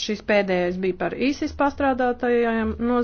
Šis pēdējais bija par īsis pastrādātajiem nozīmēm.